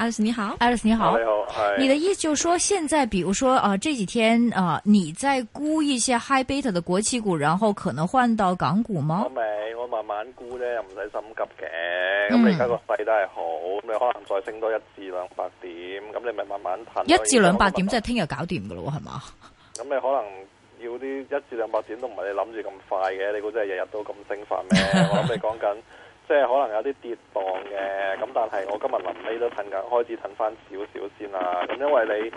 a alice 你好，a alice 你好，係係。啊、你,你的意思就說，現在，比如說，啊、呃，這幾天，啊、呃，你在沽一些 High Beta 的國企股，然後可能換到港股嗎？我,我慢慢沽啫，又唔使心急嘅。咁而家個勢都係好，咁你可能再升多一至兩百點，咁你咪慢慢睇。一至兩百點即係聽日搞掂噶咯，係嘛？咁你可能要啲一,一至兩百點都唔係你諗住咁快嘅，你估真係日日都咁升法咩？我諗你講緊。即係可能有啲跌宕嘅，咁但係我今日臨尾都趁緊開始趁翻少少先啦。咁因為你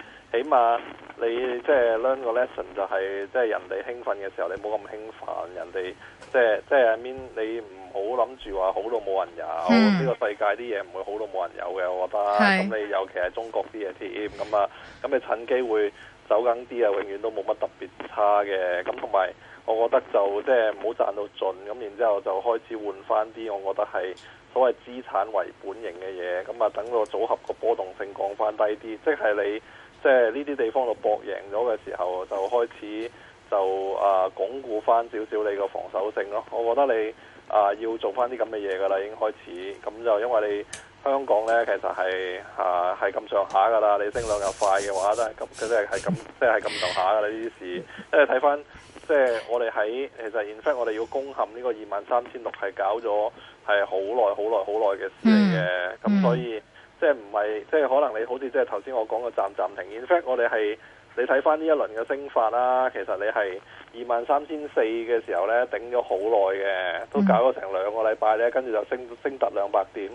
起碼你即係、就是、learn 個 lesson 就係、是，即、就、係、是、人哋興奮嘅時候你冇咁興奮，人哋即係即係 I mean 你唔好諗住話好到冇人有。呢、嗯、個世界啲嘢唔會好到冇人有嘅，我覺得。咁是你尤其係中國啲嘢添，咁啊，咁你趁機會。走緊啲啊，永遠都冇乜特別差嘅。咁同埋，我覺得就即係唔好賺到盡，咁然之後就開始換翻啲，我覺得係所謂資產為本型嘅嘢。咁啊，等個組合個波動性降翻低啲，即係你即係呢啲地方度搏贏咗嘅時候，就開始就啊，呃，鞏固翻少少你個防守性咯。我覺得你啊，呃，要做翻啲咁嘅嘢㗎啦，已經開始。咁就因為你。香港呢，其實係啊，係咁上下噶啦。你升兩日快嘅話，都係咁，佢都係係咁，即係咁上下噶啦。呢啲事。即係睇翻，即係我哋喺其實，in fact，我哋要攻陷呢個二萬三千六係搞咗係好耐、好耐、好耐嘅事嚟嘅。咁、mm. 所以即係唔係即係可能你好似即係頭先我講個暫暫停。in fact，我哋係你睇翻呢一輪嘅升法啦。其實你係二萬三千四嘅時候呢，頂咗好耐嘅，都搞咗成兩個禮拜呢，跟住就升升達兩百點。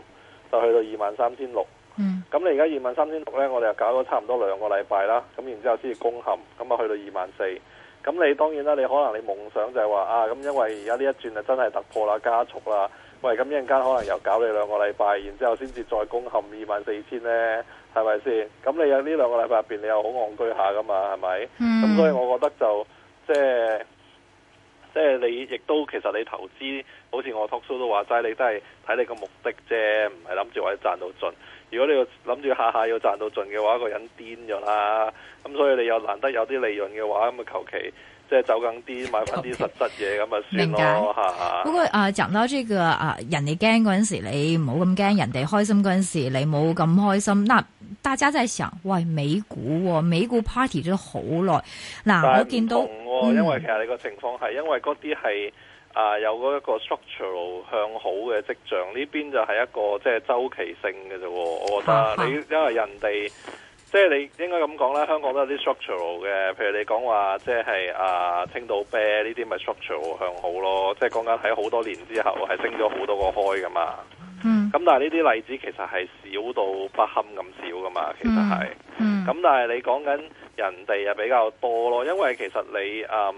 就去到二萬三千六，咁、嗯、你而家二萬三千六呢，我哋又搞咗差唔多兩個禮拜啦，咁然之後先至攻陷，咁啊去到二萬四，咁你當然啦，你可能你夢想就係話啊，咁因為而家呢一轉就真係突破啦，加速啦，喂，咁一陣間可能又搞你兩個禮拜，然之後先至再攻陷二萬四千呢，係咪先？咁你有呢兩個禮拜入邊，你又好戇居下㗎嘛，係咪？咁、嗯、所以我覺得就即係。就是即係你亦都其實你投資，好似我托 a 都話齋，你都係睇你個目的啫，唔係諗住話賺到盡。如果你要諗住下下要賺到盡嘅話，那個人癲咗啦。咁所以你又難得有啲利潤嘅話，咁咪求其。即係走緊啲，買翻啲實質嘢咁 Okay. 啊，算咯不過啊，講到呢個啊，人哋驚嗰陣時，你唔好咁驚；人哋開心嗰陣時，你冇咁開心。嗱，大家真係成日喂美股、哦，美股 party 咗好耐。嗱、啊，但 我見到，因為其實你個情況係因為嗰啲係啊有嗰一個 structural 向好嘅跡象，呢邊就係一個即係、就是、周期性嘅啫。我覺得，哈哈你因為人哋。即係你應該咁講啦，香港都有啲 structural 嘅，譬如你講話即係啊，青島啤呢啲咪 structural 向好咯。即係講緊喺好多年之後，係升咗好多個開噶嘛。嗯。咁但係呢啲例子其實係少到不堪咁少噶嘛，其實係、嗯。嗯。咁但係你講緊人哋又比較多咯，因為其實你嗯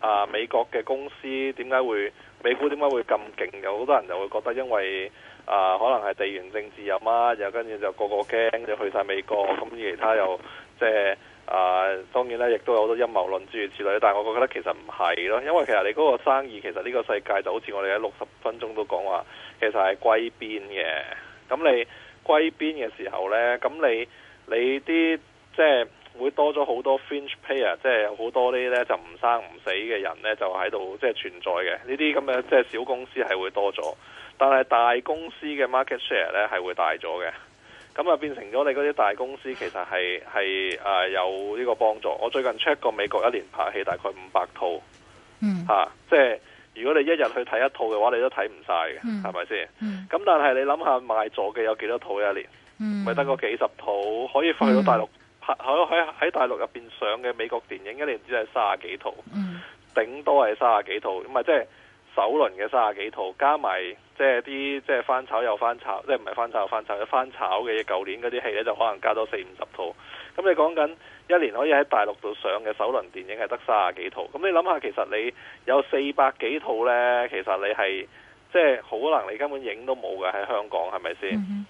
啊美國嘅公司點解會，美股點解會咁勁嘅？有好多人就會覺得因為。啊、呃，可能係地緣政治有嘛，又跟住就個個驚，就去晒美國，咁其他又即係啊，當然咧，亦都有好多陰謀論之類之類，但係我覺得其實唔係咯，因為其實你嗰個生意其實呢個世界就好似我哋喺六十分鐘都講話，其實係歸邊嘅。咁你歸邊嘅時候呢，咁你你啲即係會多咗好多 fringe player，即係好多呢啲呢就唔生唔死嘅人呢，就喺度即係存在嘅。呢啲咁嘅即係小公司係會多咗。但係大公司嘅 market share 咧，係會大咗嘅，咁啊，變成咗你嗰啲大公司其實係係誒有呢個幫助。我最近 check 過美國一年拍戲大概五百套，嗯、啊、吓、就是，即係如果你一日去睇一套嘅話，你都睇唔晒嘅，係咪先？嗯，但是你想想，咁但係你諗下賣座嘅有幾多套一年？咪得個幾十套，可以去到大陸、嗯、拍，喺喺喺大陸入邊上嘅美國電影一年只係卅幾套，嗯，頂多係卅幾套，咁啊即係。首輪嘅三十幾套，加埋即係啲即係翻炒又翻炒，即係唔係翻炒又翻炒，一翻炒嘅嘢，舊年嗰啲戲咧就可能加多四五十套。咁你講緊一年可以喺大陸度上嘅首輪電影係得三十幾套。咁你諗下，其實你有四百幾套呢？其實你係即係可能你根本影都冇嘅喺香港，係咪先？咁、嗯、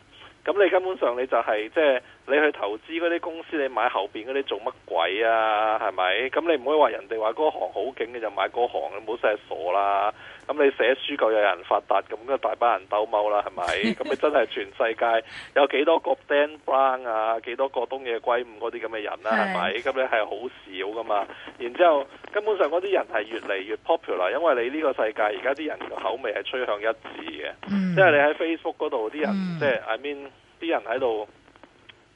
哼你根本上你就係、是、即係。你去投資嗰啲公司，你買後邊嗰啲做乜鬼啊？係咪？咁你唔可以話人哋話嗰行好勁嘅就買嗰行，你冇曬傻啦！咁你寫書夠有人發達，咁就大班人兜踎啦，係咪？咁 你真係全世界有幾多個 Dan Brown 啊？幾多個東野圭吾嗰啲咁嘅人啦、啊？係咪？咁你係好少噶嘛。然之後根本上嗰啲人係越嚟越 popular，因為你呢個世界而家啲人嘅口味係趨向一致嘅。Mm. 即係你喺 Facebook 嗰度啲人，mm. 即係 I mean 啲人喺度。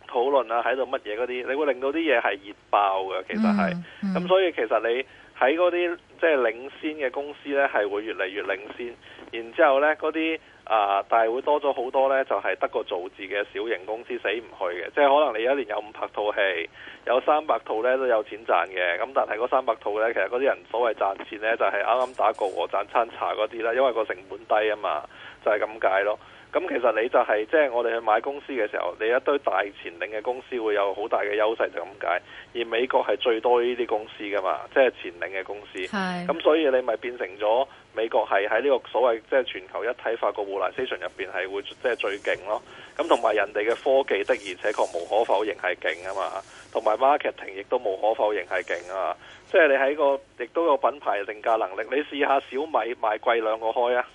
討論啊，喺度乜嘢嗰啲，你會令到啲嘢係熱爆嘅，其實係。咁、嗯嗯、所以其實你喺嗰啲即係領先嘅公司呢，係會越嚟越領先。然之後呢，嗰啲啊，但、呃、係會多咗好多呢，就係得個造字嘅小型公司死唔去嘅，即係可能你一年有五百套戲，有三百套呢，都有錢賺嘅。咁但係嗰三百套呢，其實嗰啲人所謂賺錢呢，就係啱啱打個和，賺餐茶嗰啲啦，因為個成本低啊嘛，就係咁解咯。咁其實你就係即係我哋去買公司嘅時候，你一堆大前領嘅公司會有好大嘅優勢，就咁解。而美國係最多呢啲公司噶嘛，即係前領嘅公司。係。咁所以你咪變成咗美國係喺呢個所謂即係全球一體化個互聯網入面係會即係最勁咯。咁同埋人哋嘅科技的而且確無可否認係勁啊嘛，同埋 marketing 亦都無可否認係勁啊嘛。即係你喺個亦都有品牌定價能力。你試下小米賣貴兩個開啊！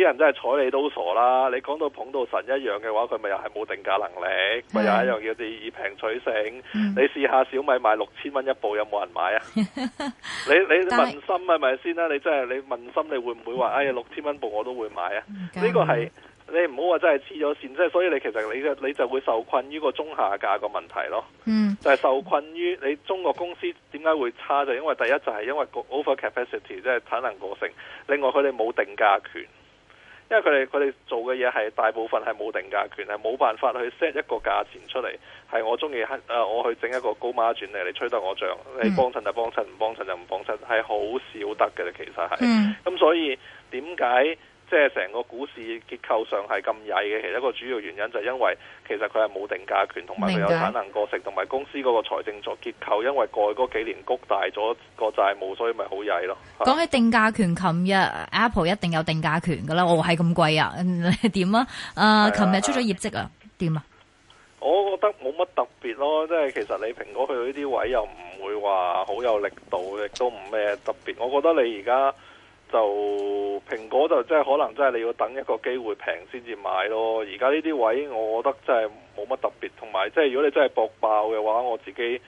啲人真係睬你都傻啦！你講到捧到神一樣嘅話，佢咪又係冇定價能力，咪的又一樣要啲以平取勝。嗯、你試下小米賣六千蚊一部，有冇人買啊？ 你你問心係咪先啦、啊？你真係你問心，你會唔會話、嗯、哎呀六千蚊部我都會買啊？呢、嗯、個係你唔好話真係黐咗線，即係所以你其實你你就會受困於個中下價個問題咯。嗯，就係受困於你中國公司點解會差？就因為第一就係因為 over capacity，即係產能過剩。另外佢哋冇定價權。因為佢哋佢哋做嘅嘢係大部分係冇定價權，係冇辦法去 set 一個價錢出嚟，係我中意，係、呃、誒我去整一個高馬轉嚟你吹得我漲，你幫襯就幫襯，唔幫襯就唔幫襯，係好少得嘅啦，其實係。咁、嗯、所以點解？為什麼即係成個股市結構上係咁曳嘅，其實一個主要原因就係因為其實佢係冇定價權，同埋佢有產能過剩，同埋公司嗰個財政作結構，因為過去嗰幾年谷大咗個債務，所以咪好曳咯。講起定價權，琴日是 Apple 一定有定價權㗎啦，我係咁貴啊？點啊？呃、啊，琴日出咗業績了啊？點啊？我覺得冇乜特別咯，即係其實你蘋果去到呢啲位又唔會話好有力度，亦都唔咩特別。我覺得你而家。就蘋果就即係可能真係你要等一個機會平先至買咯，而家呢啲位我覺得真係冇乜特別，同埋即係如果你真係博爆嘅話，我自己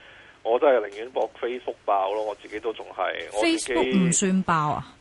我真係寧願博 Facebook 爆咯，我自己都仲係 Facebook 唔算爆啊。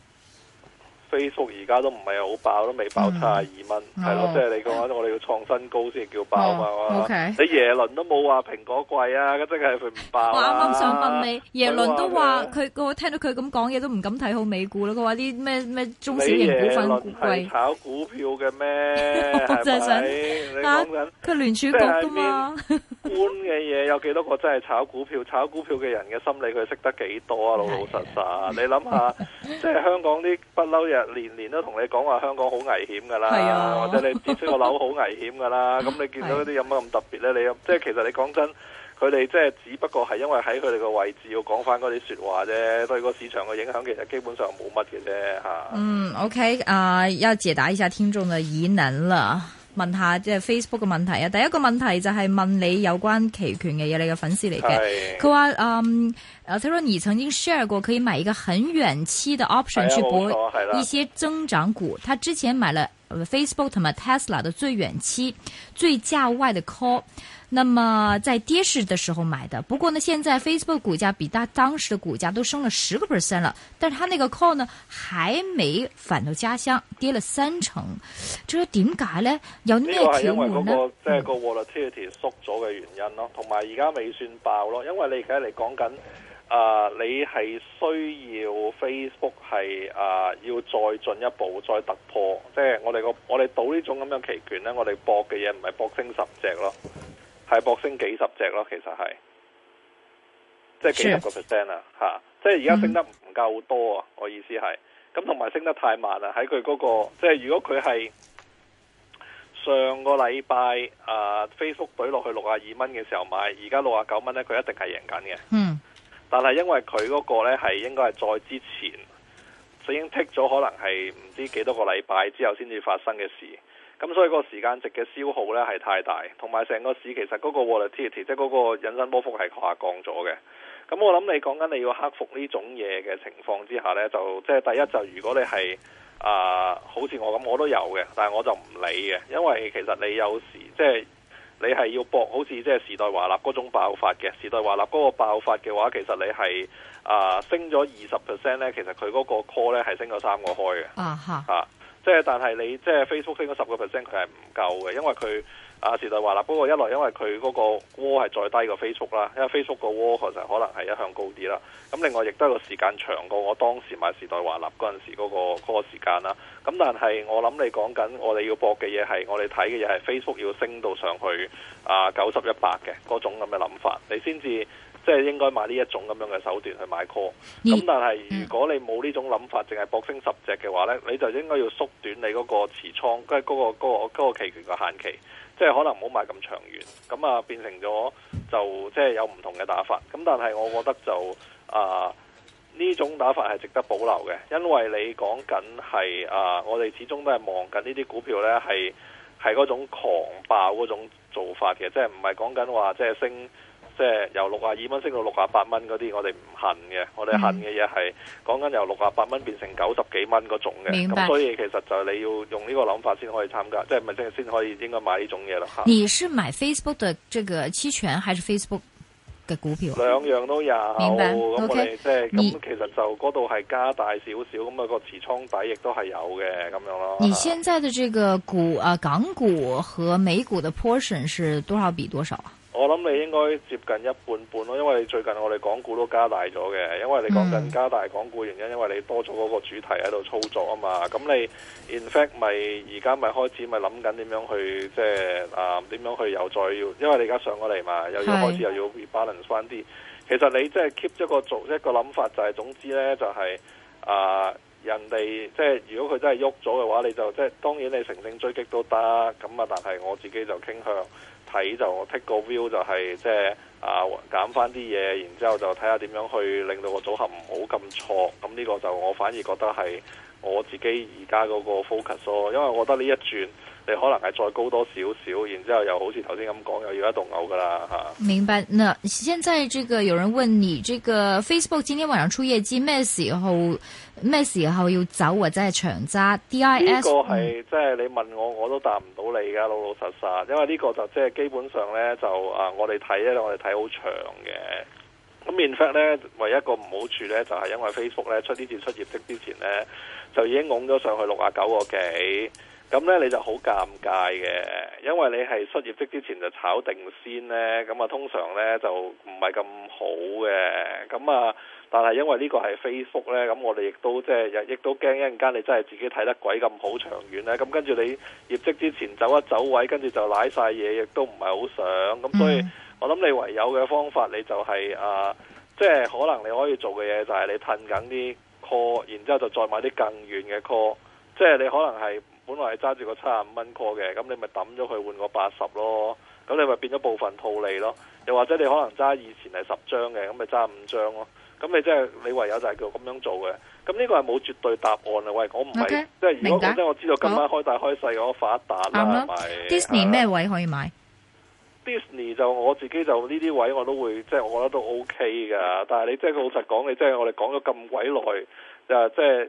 Facebook 而家都唔係好爆，都未爆七十二蚊，係咯，即係你講緊我哋要創新高先叫爆嘛？OK 你耶倫都冇話蘋果貴啊，咁真係佢唔爆。我啱啱想問你，耶倫都話佢我聽到佢咁講嘢都唔敢睇好美股啦。佢話啲咩咩中小型股份貴，炒股票嘅咩？我就係想你講緊佢聯儲局㗎嘛？官嘅嘢有幾多個真係炒股票？炒股票嘅人嘅心理佢識得幾多啊？老老實實，你諗下，即係香港啲不嬲。年年都同你講話香港好危險噶啦，啊、或者你跌出個樓好危險噶啦，咁 你見到啲有乜咁特別咧？ 是你即係其實你講真，佢哋即係只不過係因為喺佢哋個位置要講翻嗰啲説話啫，對個市場嘅影響其實基本上冇乜嘅啫嚇。啊、嗯，OK，啊、呃，要解答一下聽眾嘅疑難啦。問下即係 Facebook 嘅問題啊！第一個問題就係問你有關期權嘅嘢，你嘅粉絲嚟嘅。佢話是嗯誒，佢話你曾經 share 過可以買一個很遠期嘅 option 的去博一些增長股。的他之前買了。Facebook 同埋 Tesla 的最遠期、最價外的 call，那麼在跌市的時候買的。不過呢，現在 Facebook 股價比他當時的股價都升了十個 percent 了，但是它那個 call 呢，還沒返到家鄉，跌了三成。這點解呢？有呢個係因為嗰個即係個 volatility 縮咗嘅原因咯，同埋而家未算爆咯，因為你而家嚟講緊。啊！Uh, 你係需要 Facebook 係啊，uh, 要再進一步再突破。即係我哋個我哋賭呢種咁樣期權咧，我哋博嘅嘢唔係博升十隻咯，係博升幾十隻咯。其實係即係幾十個 percent 啦，吓！即係而家升得唔夠多啊。Mm hmm. 我意思係咁，同埋升得太慢啦。喺佢嗰個即係，如果佢係上個禮拜啊，Facebook 懟落去六啊二蚊嘅時候買，而家六啊九蚊咧，佢一定係贏緊嘅。嗯、mm。Hmm. 但係因為佢嗰個呢係應該係再之前就已經剔咗，可能係唔知幾多個禮拜之後先至發生嘅事，咁所以嗰個時間值嘅消耗呢，係太大，同埋成個市其實嗰個 volatility 即係嗰個引伸波幅係下降咗嘅。咁我諗你講緊你要克服呢種嘢嘅情況之下呢，就即係第一就如果你係啊、呃、好似我咁，我都有嘅，但係我就唔理嘅，因為其實你有時即係。就是你係要搏好似即係時代華納嗰種爆發嘅，時代華納嗰個爆發嘅話，其實你係啊、呃、升咗二十 percent 咧，其實佢嗰個 call 咧係升咗三個開嘅。Uh huh. 啊哈，啊即係但係你即係、就是、Facebook 升咗十個 percent，佢係唔夠嘅，因為佢。啊！時代華納不過一來因為佢嗰個窩係再低過 Facebook 啦，因為 Facebook 個窩其實可能係一向高啲啦。咁另外亦都係個時間長過我當時買時代華納嗰陣時嗰個嗰個時間啦。咁但係我諗你講緊我哋要博嘅嘢係我哋睇嘅嘢係 Facebook 要升到上去啊九十一百嘅嗰種咁嘅諗法，你先至即係應該買呢一種咁樣嘅手段去買 call。咁但係如果你冇呢種諗法，淨係博升十隻嘅話呢，你就應該要縮短你嗰個持倉，即係嗰個嗰個嗰個期權嘅限期。即係可能唔好買咁長遠，咁啊變成咗就即係、就是、有唔同嘅打法。咁但係我覺得就啊呢、呃、種打法係值得保留嘅，因為你講緊係啊，我哋始終都係望緊呢啲股票呢係係嗰種狂爆嗰種做法嘅，即係唔係講緊話即係升。即係由六十二蚊升到六十八蚊嗰啲，我哋唔恨嘅。我哋恨嘅嘢係講緊由六十八蚊變成九十幾蚊嗰種嘅。明白。咁所以其實就你要用呢個諗法先可以參加，即係咪先先可以應該買呢種嘢啦？吓。你是買 Facebook 嘅這個期權，還是 Facebook 嘅股票？兩樣都有。明白。咁我哋即係咁，你其實就嗰度係加大少少，咁、那、啊個持倉底亦都係有嘅，咁樣咯。你現在嘅這個股、啊、港股和美股嘅 portion 是多少比多少啊？我諗你應該接近一半半咯，因為最近我哋港股都加大咗嘅，因為你講緊加大港股原因，mm. 因為你多咗嗰個主題喺度操作啊嘛，咁你 in fact 咪而家咪開始咪諗緊點樣去即係啊點樣去又再要，因為你而家上咗嚟嘛，又要開始又要 balance 翻啲。的其實你即係 keep 一個做一個諗法就係、是，總之呢，就係、是、啊人哋即係如果佢真係喐咗嘅話，你就即係當然你乘勝追擊都得，咁啊但係我自己就傾向，睇就我 take 個 view 就係即係啊減翻啲嘢，然之後就睇下點樣去令到個組合唔好咁錯。咁呢個就我反而覺得係我自己而家嗰個 focus 咯，因為我覺得呢一轉。你可能係再高多少少，然之後又好似頭先咁講，又要一動牛噶啦吓。啊、明白？那現在這個有人問你，這個 Facebook 今天晚上出業績，咩時候？咩時候要走或者係長揸？D I S 呢個係、嗯、即係你問我我都答唔到你噶老老實實，因為呢個就即係基本上呢，就啊、呃，我哋睇咧我哋睇好長嘅。咁，in fact 呢唯一一個唔好處呢，就係、是、因為 Facebook 呢，出呢次出業績之前呢，就已經拱咗上去六啊九個幾。咁呢，你就好尷尬嘅，因為你係出業績之前就炒定先呢。咁啊通常呢就唔係咁好嘅，咁啊但係因為呢個係 Facebook 呢，咁我哋亦都即係亦都驚一陣間你真係自己睇得鬼咁好長遠咧，咁跟住你業績之前走一走位，跟住就舐晒嘢，亦都唔係好想，咁所以我諗你唯有嘅方法你就係啊，即係可能你可以做嘅嘢就係你褪緊啲 call，然之後就再買啲更遠嘅 call，即係你可能係。本來係揸住個七十五蚊 call 嘅，咁你咪抌咗佢換個八十咯，咁你咪變咗部分套利咯。又或者你可能揸以前係十張嘅，咁咪揸五張咯。咁你即係你唯有就係叫咁樣做嘅。咁呢個係冇絕對答案啦。喂，我唔係 Okay, 即係如果講真，我知道今晚開大開細嗰個發達啦，同埋 Okay. Disney 咩的位可以買？Disney 就我自己就呢啲位我都會即係我覺得都 OK 噶。但係你即係老實講，嘅，即係我哋講咗咁鬼耐，就即係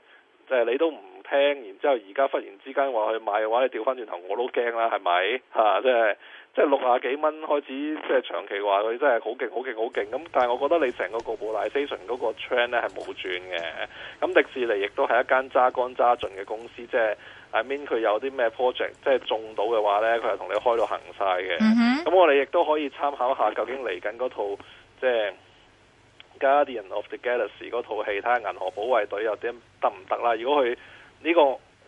即係你都唔輕，然之後而家忽然之間話去買嘅話，你掉翻轉頭我都驚啦，係咪？嚇、啊，即係即係六廿幾蚊開始，即係長期話佢真係好勁、好勁、好勁咁。但係我覺得你成個個股大 flation 嗰個 Train 咧係冇轉嘅。咁迪士尼亦都係一間揸乾揸盡嘅公司，即係 I mean 佢有啲咩 project，即係中到嘅話呢，佢係同你開到行晒嘅。咁、mm hmm. 我哋亦都可以參考下，究竟嚟緊嗰套即係 Guardian of the Galaxy 嗰套戲，睇下銀河保衞隊有啲得唔得啦？如果佢呢個呢個，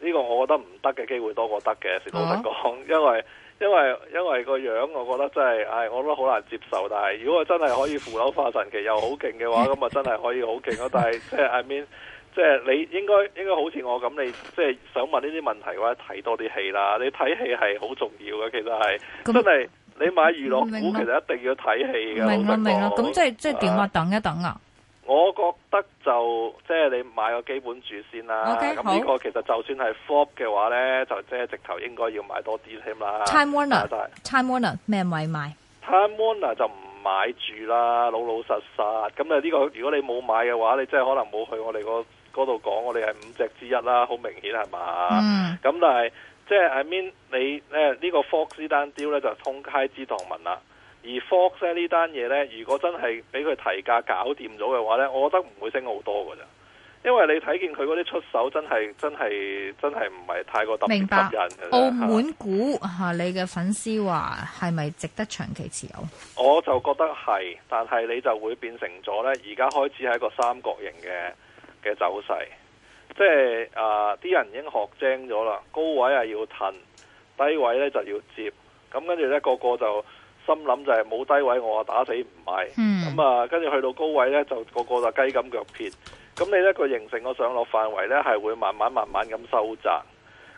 這個、我覺得唔得嘅機會多過得嘅，成老實講、啊，因為因為因為個樣，我覺得真係，唉、哎，我都好難接受。但係如果真係可以扶樓化神奇又好勁嘅話，咁咪真係可以好勁咯。但係即係 I mean 即係你應該應該好似我咁，你即係想問呢啲問題嘅話，睇多啲戲啦。你睇戲係好重要嘅，其實係那真係你買娛樂股其實一定要睇戲㗎。明啦明啊？咁即係即係點啊？等一等啊！我覺得就即係你買個基本住先啦，咁呢個其實就算係 fall 嘅話呢，就即係直頭應該要買多啲添啦。Time Warner，Time Warner 咩位買？Time Warner 就唔買住啦，老老實實。咁啊呢個如果你冇買嘅話，你即係可能冇去我哋嗰度講，我哋係五隻之一啦，好明顯係嘛？咁但係即係 I mean 你呢個 Fox 單雕呢，就通街知堂文啦。而 Fox 呢單嘢呢，如果真係俾佢提價搞掂咗嘅話呢，我覺得唔會升好多㗎咋，因為你睇見佢嗰啲出手真係真係真係唔係太過特別明白澳門股、啊啊、你嘅粉絲話係咪值得長期持有？我就覺得係，但係你就會變成咗呢，而家開始係一個三角形嘅嘅走勢，即係啲、啊、人已經學精咗啦，高位係要騰，低位呢就要接，咁跟住呢個個就。心諗就係冇低位，我啊打死唔買咁啊。跟住、mm. 嗯、去到高位呢，就個個就雞咁腳撇。咁你呢個形成個上落範圍呢，係會慢慢慢慢咁收窄。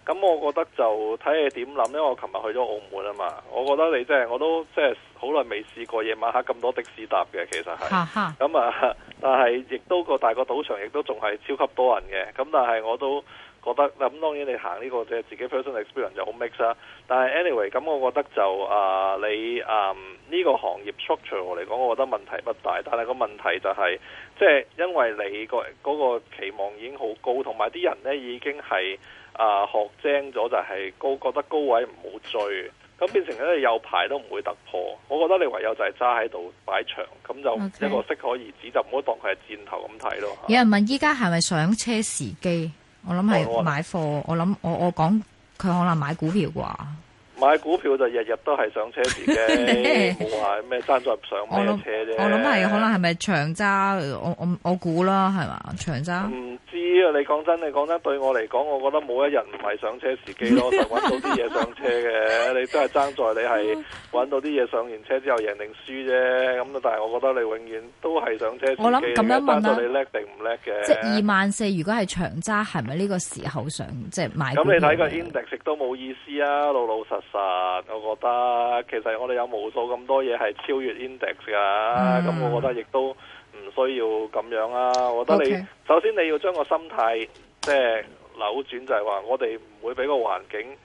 咁我覺得就睇你點諗。因為我琴日去咗澳門啊嘛，我覺得你真係我都即係好耐未試過夜晚黑咁多的士搭嘅，其實係咁啊。但係亦都個大個賭場亦都仲係超級多人嘅。咁但係我都。覺得咁當然，你行呢個即係自己 personal experience 就好 mix 啦。但係 anyway，咁我覺得就啊，你嗯呢、啊呢個行業 structure 我嚟講，我覺得問題不大。但係個問題就係即係因為你、嗰個嗰、嗰個、期望已經好高，同埋啲人呢已經係啊學精咗，就係、係、高覺得高位唔好追，咁變成咧有排都唔會突破。我覺得你唯有就係揸喺度擺長，咁就一個適可而止，Okay. 就唔好當佢係箭頭咁睇咯。有人問：依家係咪上車時機？我諗係買貨，我諗我我講佢可能買股票啩。買股票就日日都係上車時機，冇話咩爭在上咩車啫。我諗係可能係咪長揸？我我我估啦，係嘛長揸？唔知啊！你講真，你講真，對我嚟講，我覺得冇一日唔係上車時機咯，就揾 到啲嘢上車嘅。 你真係爭在你係揾到啲嘢上完車之後贏定輸啫。咁 但係我覺得你永遠都係上車時機。我諗咁樣問到你叻定唔叻嘅？即係二萬四，如果係長揸，係咪呢個時候上即係買？咁你睇個 index 都冇意思啊，老老實。啊！我覺得其實我哋有無數咁多嘢係超越 index 噶，咁、嗯、我覺得亦都唔需要咁樣啊！我覺得你 Okay. 首先你要將個心態即係扭轉就係、是、話我哋唔會俾個環境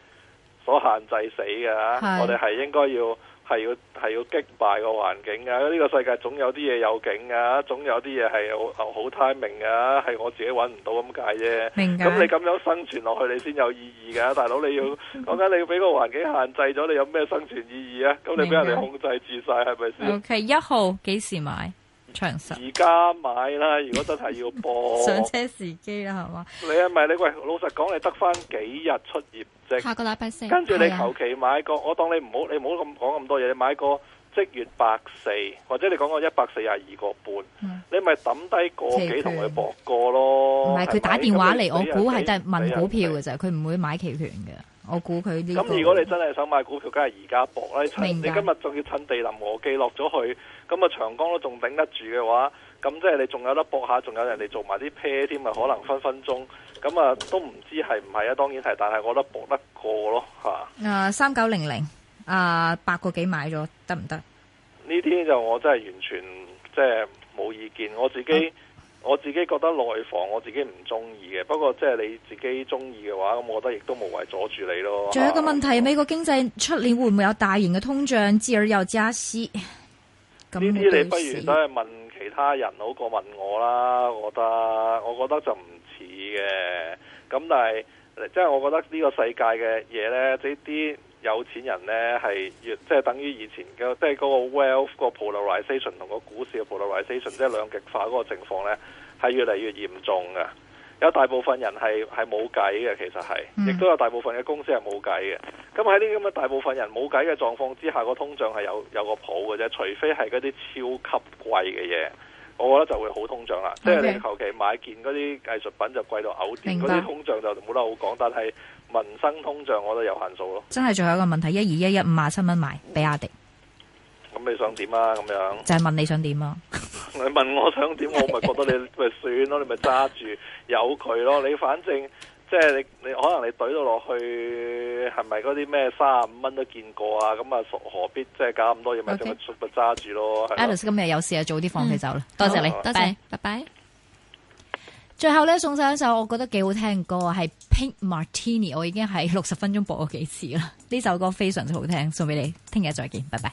所限制死嘅是我哋係應該要。係要係要擊敗個環境啊！呢個世界總有啲嘢有景啊，總有啲嘢係好好 timing 啊，係我自己揾唔到咁解啫。明白。咁你咁樣生存落去，你先有意義噶，大佬你要講緊 你要俾個環境限制咗，你有咩生存意義啊？咁你俾人哋控制住晒，係咪先？O K，一號幾時買？而家買啦！如果真係要博， 上車時機啦，係嘛？你係咪你喂，老實講你得翻幾日出業績。下個禮拜四。跟住你求其買個，的我當你唔好，你唔好咁講咁多嘢。你買個即月百四，或者你講個一百四十二個半，你咪抌低個幾同佢博個播過咯。唔係佢打電話嚟，是是我估係都係問股票嘅啫，佢唔會買期權嘅。我估佢啲咁如果你真係想買股票，梗係而家搏啦！你，趁你今日仲要趁地冧和記落咗去，咁啊長江都仲頂得住嘅話，咁即係你仲有得搏下，仲有人哋做埋啲啤添，咪可能分分鐘，咁啊、嗯、都唔知係唔係啊？當然係，但係我覺得搏得過咯，吓。啊、呃，三九零零啊、呃，八個幾買咗得唔得？呢啲就我真係完全即係冇意見，我自己。嗯我自己覺得內房我自己唔中意嘅，不過即係你自己中意嘅話，咁我覺得亦都無謂阻住你咯。仲有一個問題，啊、美國經濟出年會唔會有大型嘅通脹？至而又加息？咁呢啲你不如都係問其他人好過問我啦。我覺得，我覺得就唔似嘅。咁但係，即係我覺得呢個世界嘅嘢呢，呢啲。有錢人呢，係越即係、就是、等於以前嘅，即係嗰個 wealth 個 polarization 同個股市嘅 polarization 即係兩極化嗰個情況呢，係越嚟越嚴重嘅。有大部分人係係冇計嘅，其實係，亦都有大部分嘅公司係冇計嘅。咁喺呢啲咁嘅大部分人冇計嘅狀況之下，個通脹係有有個譜嘅啫。除非係嗰啲超級貴嘅嘢，我覺得就會好通脹啦。即係 Okay. 你求其買件嗰啲藝術品就貴到嘔啲，嗰啲明白通脹就冇得好講。但係民生通脹我都有限數咯。真係最後一個問題，一二一一五廿七蚊賣，俾阿迪。咁、嗯、你想點啊？咁樣就係問你想點咯、啊。 你問我想點，我咪覺得你咪 算咯，你咪揸住有佢咯。你反正即係你，你可能你對到落去，係咪嗰啲咩三十五蚊都見過啊？咁啊，何必即係搞咁多嘢咪咁咪揸住咯。Alex 今日有事啊，早啲放棄走啦、嗯。多謝你， 多謝，拜拜。最後咧送上一首我覺得幾好聽嘅歌，係 Pink Martini，我已經喺六十分鐘播過幾次啦。呢首歌非常之好聽，送俾你。聽日再見，拜拜。